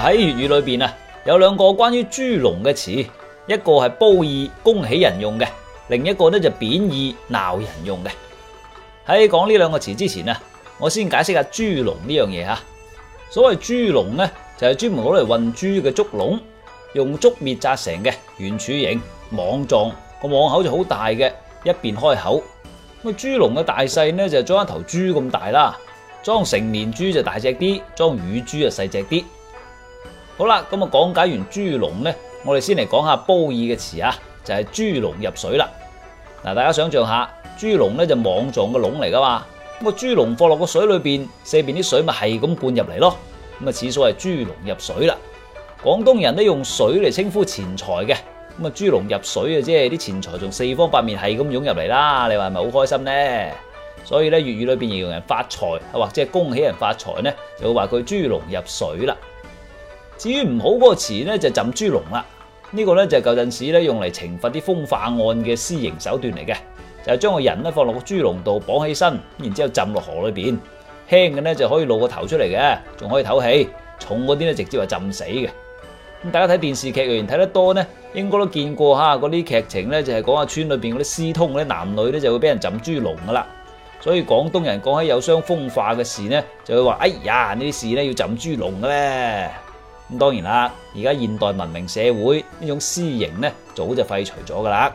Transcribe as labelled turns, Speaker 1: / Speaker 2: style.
Speaker 1: 喺粵語裏邊啊，有兩個關於豬籠嘅詞，一個係褒義，恭喜人用嘅；另一個咧就貶義，鬧人用嘅。喺講呢兩個詞之前啊，我先解釋下豬籠呢樣嘢吓。所謂豬籠咧，就係專門攞嚟運豬嘅竹籠，用竹篾紮成嘅圓柱形網狀，個網口就好大嘅一邊開口。咁個豬籠嘅大細咧，就裝一頭豬咁大啦，裝成年豬就大隻啲，裝乳豬就細隻啲。好啦，咁啊，講解完豬籠呢，我哋先嚟講下褒義嘅詞啊，就係豬籠入水啦。嗱，大家想象下，豬籠呢就網狀嘅籠嚟噶嘛。咁個豬籠放落個水裏邊，四邊啲水咪係咁灌入嚟咯。咁啊，此所謂豬籠入水啦。廣東人都用水嚟稱呼錢財嘅，咁啊豬籠入水啊，即係啲錢財仲四方八面係咁湧入嚟啦。你話係咪好開心呢？所以呢，粵語裏邊形容人發財或者係恭喜人發財呢，就會話佢豬籠入水啦。至於唔好嗰、這個詞咧，就浸豬籠啦。呢個咧就舊陣時咧用嚟懲罰啲風化案嘅私刑手段嚟嘅，就係將個人咧放落個豬籠度綁起身，然之後浸落河裏邊。輕嘅咧就可以露個頭出嚟嘅，仲可以唞氣；重嗰啲咧直接話浸死嘅。咁大家睇電視劇，如果睇得多咧，應該都見過嚇嗰啲劇情咧，就係講下村裏邊嗰啲私通嗰啲男女咧就會俾人浸豬籠噶啦。所以廣東人講起有傷風化嘅事呢，就會話：哎呀，呢啲事咧要浸豬籠嘅咧。咁當然啦，而家現代文明社會呢種私刑呢，早就廢除咗㗎啦。